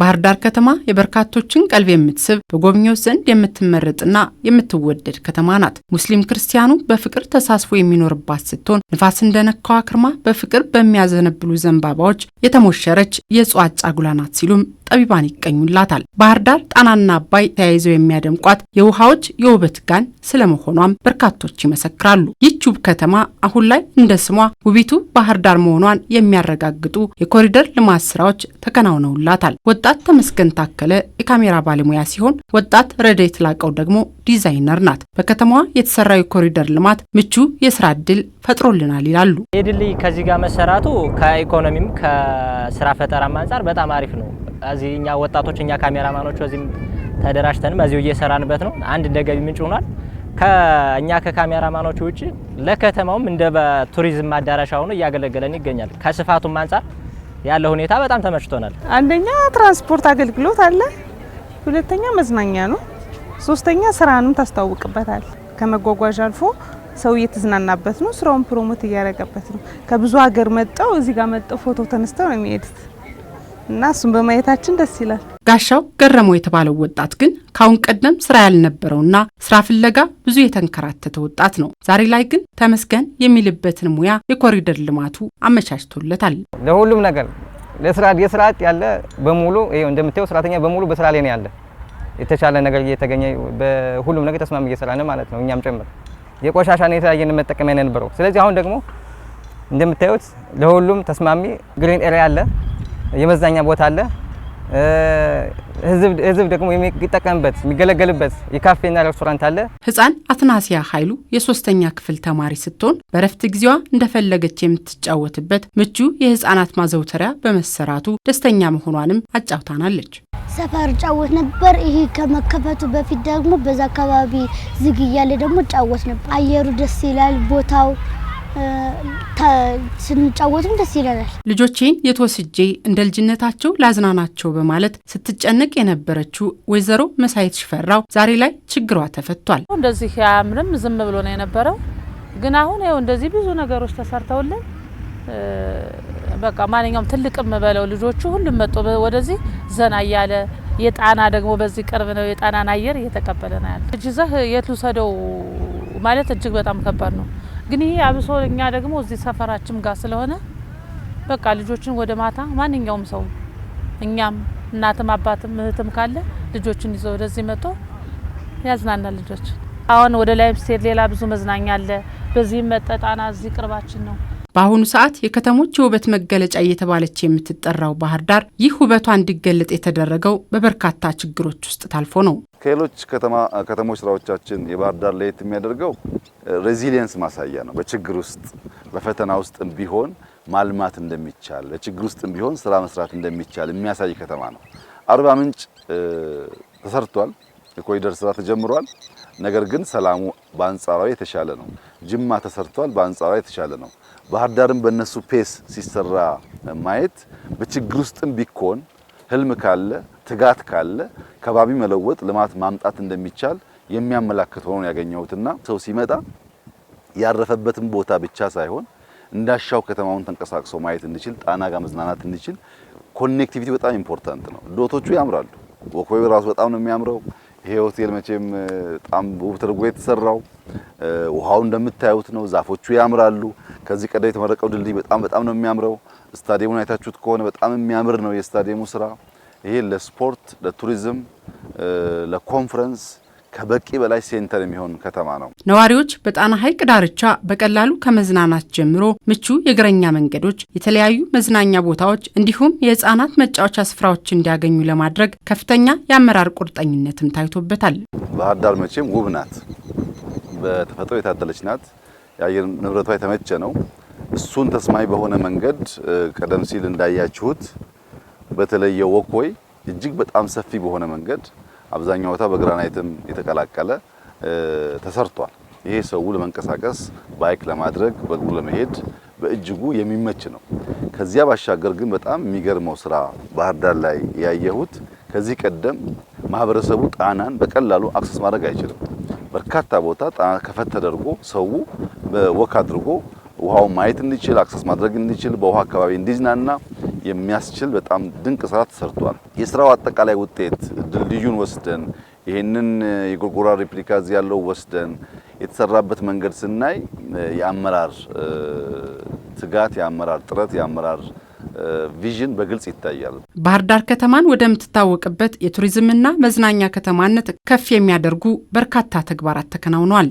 ባህር ዳር ከተማ የበርካቶችን ቀልብ የምትስብ በጎብኚዎች ዘንድ የምትመረጥና የምትወደድ ከተማ ናት። ሙስሊም ክርስቲያኑ በፍቅር ተሳስፎ የሚኖርባት ስትሆን ንፋስ እንደነካዋ ክርማ በፍቅር በሚያዘነብሉ ዘንባባዎች የተሞሸረች የእጽዋት ጫጉላ ናት ሲሉም ጠቢባን ይቀኙላታል። ባህር ዳር ጣናና አባይ ተያይዘው የሚያደምቋት የውሃዎች የውበት ጋን ስለመሆኗም በርካቶች ይመሰክራሉ። ይህች ውብ ከተማ አሁን ላይ እንደ ስሟ ውቢቱ ባህር ዳር መሆኗን የሚያረጋግጡ የኮሪደር ልማት ስራዎች ተከናውነውላታል። ወጣት ተመስገን ታከለ የካሜራ ባለሙያ ሲሆን ወጣት ረደ ላቀው ደግሞ ዲዛይነር ናት። በከተማዋ የተሰራው የኮሪደር ልማት ምቹ የስራ እድል ፈጥሮልናል ይላሉ። ይህ ድልድይ ከዚህ ጋር መሰራቱ ከኢኮኖሚም ከስራ ፈጠራም አንጻር በጣም አሪፍ ነው። እዚህ እኛ ወጣቶች እኛ ካሜራማኖች በዚህም ተደራጅተንም እዚሁ እየሰራንበት ነው። አንድ እንደ ገቢ ምንጭ ሆኗል። ከእኛ ከካሜራማኖች ውጭ ለከተማውም እንደ በቱሪዝም ማዳረሻ ሆኖ እያገለገለን ይገኛል። ከስፋቱም አንጻር ያለ ሁኔታ በጣም ተመችቶናል። አንደኛ ትራንስፖርት አገልግሎት አለ፣ ሁለተኛ መዝናኛ ነው፣ ሶስተኛ ስራንም ታስተዋውቅበታል። ከመጓጓዣ አልፎ ሰው እየተዝናናበት ነው፣ ስራውን ፕሮሞት እያደረገበት ነው። ከብዙ ሀገር መጠው እዚህ ጋር መጠው ፎቶ ተነስተው ነው የሚሄዱት እና እሱን በማየታችን ደስ ይላል። ጋሻው ገረመው የተባለው ወጣት ግን ካሁን ቀደም ስራ ያልነበረውና ስራ ፍለጋ ብዙ የተንከራተተ ወጣት ነው። ዛሬ ላይ ግን ተመስገን የሚልበትን ሙያ የኮሪደር ልማቱ አመቻችቶለታል። ለሁሉም ነገር ለስራ የስራ አጥ ያለ በሙሉ ይኸው እንደምታየው ስራተኛ በሙሉ በስራ ላይ ነው ያለ። የተሻለ ነገር እየተገኘ በሁሉም ነገር ተስማሚ እየሰራ ነው ማለት ነው። እኛም ጭምር የቆሻሻ ነው የተለያየን መጠቀሚያ ነው የነበረው። ስለዚህ አሁን ደግሞ እንደምታዩት ለሁሉም ተስማሚ ግሪን ኤሪያ አለ፣ የመዝናኛ ቦታ አለ ህዝብ ደግሞ የሚጠቀምበት የሚገለገልበት የካፌና ሬስቶራንት አለ። ህፃን አትናሲያ ኃይሉ የሶስተኛ ክፍል ተማሪ ስትሆን በረፍት ጊዜዋ እንደፈለገች የምትጫወትበት ምቹ የህፃናት ማዘውተሪያ በመሰራቱ ደስተኛ መሆኗንም አጫውታናለች። ሰፈር ጫወት ነበር። ይሄ ከመከፈቱ በፊት ደግሞ በዛ አካባቢ ዝግ እያለ ደግሞ ጫወት ነበር። አየሩ ደስ ይላል ቦታው ስንጫወትም ደስ ይለናል። ልጆቼን የተወስጄ እንደ ልጅነታቸው ላዝናናቸው በማለት ስትጨነቅ የነበረችው ወይዘሮ መሳየት ሽፈራው ዛሬ ላይ ችግሯ ተፈቷል። እንደዚህ አያምርም ዝም ብሎ ነው የነበረው፣ ግን አሁን ያው እንደዚህ ብዙ ነገሮች ተሰርተውልን በቃ ማንኛውም ትልቅም በለው ልጆቹ ሁሉም መጡ ወደዚህ ዘና እያለ የጣና ደግሞ በዚህ ቅርብ ነው የጣናን አየር እየተቀበለ ነው ያለ። ልጅ ይዘህ የት ልውሰደው ማለት እጅግ በጣም ከባድ ነው። ግን ይሄ አብሶ እኛ ደግሞ እዚህ ሰፈራችን ጋር ስለሆነ በቃ ልጆችን ወደ ማታ ማንኛውም ሰው እኛም እናትም አባትም እህትም ካለ ልጆችን ይዘው ወደዚህ መጥቶ ያዝናናል። ልጆች አሁን ወደ ላይም ስቴድ ሌላ ብዙ መዝናኛ አለ። በዚህም መጠጣና እዚህ ቅርባችን ነው። በአሁኑ ሰዓት የከተሞች የውበት መገለጫ እየተባለች የምትጠራው ባህር ዳር ይህ ውበቷ እንዲገለጥ የተደረገው በበርካታ ችግሮች ውስጥ ታልፎ ነው። ከሌሎች ከተሞች ስራዎቻችን የባህር ዳር ለየት የሚያደርገው ሬዚሊየንስ ማሳያ ነው። በችግር ውስጥ በፈተና ውስጥ ቢሆን ማልማት እንደሚቻል፣ በችግር ውስጥ ቢሆን ስራ መስራት እንደሚቻል የሚያሳይ ከተማ ነው። አርባ ምንጭ ተሰርቷል። የኮሪደር ስራ ተጀምሯል። ነገር ግን ሰላሙ በአንጻራዊ የተሻለ ነው። ጅማ ተሰርቷል፣ በአንጻራዊ የተሻለ ነው። ባህር ዳርም በእነሱ ፔስ ሲሰራ ማየት በችግር ውስጥም ቢኮን ህልም ካለ ትጋት ካለ ከባቢ መለወጥ ልማት ማምጣት እንደሚቻል የሚያመላክት ሆኖ ያገኘሁትና ሰው ሲመጣ ያረፈበትን ቦታ ብቻ ሳይሆን እንዳሻው ከተማውን ተንቀሳቅሶ ማየት እንዲችል ጣና ጋር መዝናናት እንዲችል ኮኔክቲቪቲ በጣም ኢምፖርታንት ነው። ዶቶቹ ያምራሉ። ወኮይ ራሱ በጣም ነው የሚያምረው። ይሄ ሆቴል መቼም በጣም ውብ ተደርጎ የተሰራው ውሃው እንደምታዩት ነው። ዛፎቹ ያምራሉ። ከዚህ ቀደም የተመረቀው ድልድይ በጣም በጣም ነው የሚያምረው። ስታዲየሙን አይታችሁት ከሆነ በጣም የሚያምር ነው የስታዲየሙ ስራ። ይሄ ለስፖርት፣ ለቱሪዝም፣ ለኮንፈረንስ ከበቂ በላይ ሴንተር የሚሆን ከተማ ነው። ነዋሪዎች በጣና ሐይቅ ዳርቻ በቀላሉ ከመዝናናት ጀምሮ ምቹ የእግረኛ መንገዶች፣ የተለያዩ መዝናኛ ቦታዎች እንዲሁም የህፃናት መጫወቻ ስፍራዎች እንዲያገኙ ለማድረግ ከፍተኛ የአመራር ቁርጠኝነትም ታይቶበታል። ባህር ዳር መቼም ውብ ናት፣ በተፈጥሮ የታደለች ናት። የአየር ንብረቷ የተመቸ ነው። እሱን ተስማሚ በሆነ መንገድ ቀደም ሲል እንዳያችሁት በተለየ ወኮይ እጅግ በጣም ሰፊ በሆነ መንገድ አብዛኛው ቦታ በግራናይትም የተቀላቀለ ተሰርቷል። ይሄ ሰው ለመንቀሳቀስ ባይክ ለማድረግ በእግሩ ለመሄድ በእጅጉ የሚመች ነው። ከዚያ ባሻገር ግን በጣም የሚገርመው ስራ ባህር ዳር ላይ ያየሁት ከዚህ ቀደም ማህበረሰቡ ጣናን በቀላሉ አክሰስ ማድረግ አይችልም። በርካታ ቦታ ጣና ከፈት ተደርጎ ሰው በወክ አድርጎ ውሃውን ማየት እንዲችል አክሰስ ማድረግ እንዲችል በውሃ አካባቢ እንዲዝናና የሚያስችል በጣም ድንቅ ስራ ተሰርቷል። የስራው አጠቃላይ ውጤት ድልድዩን ወስደን ይህንን የጎርጎራ ሬፕሊካ እዚህ ያለው ወስደን የተሰራበት መንገድ ስናይ የአመራር ትጋት፣ የአመራር ጥረት፣ የአመራር ቪዥን በግልጽ ይታያል። ባህር ዳር ከተማን ወደምትታወቅበት የቱሪዝምና መዝናኛ ከተማነት ከፍ የሚያደርጉ በርካታ ተግባራት ተከናውኗል።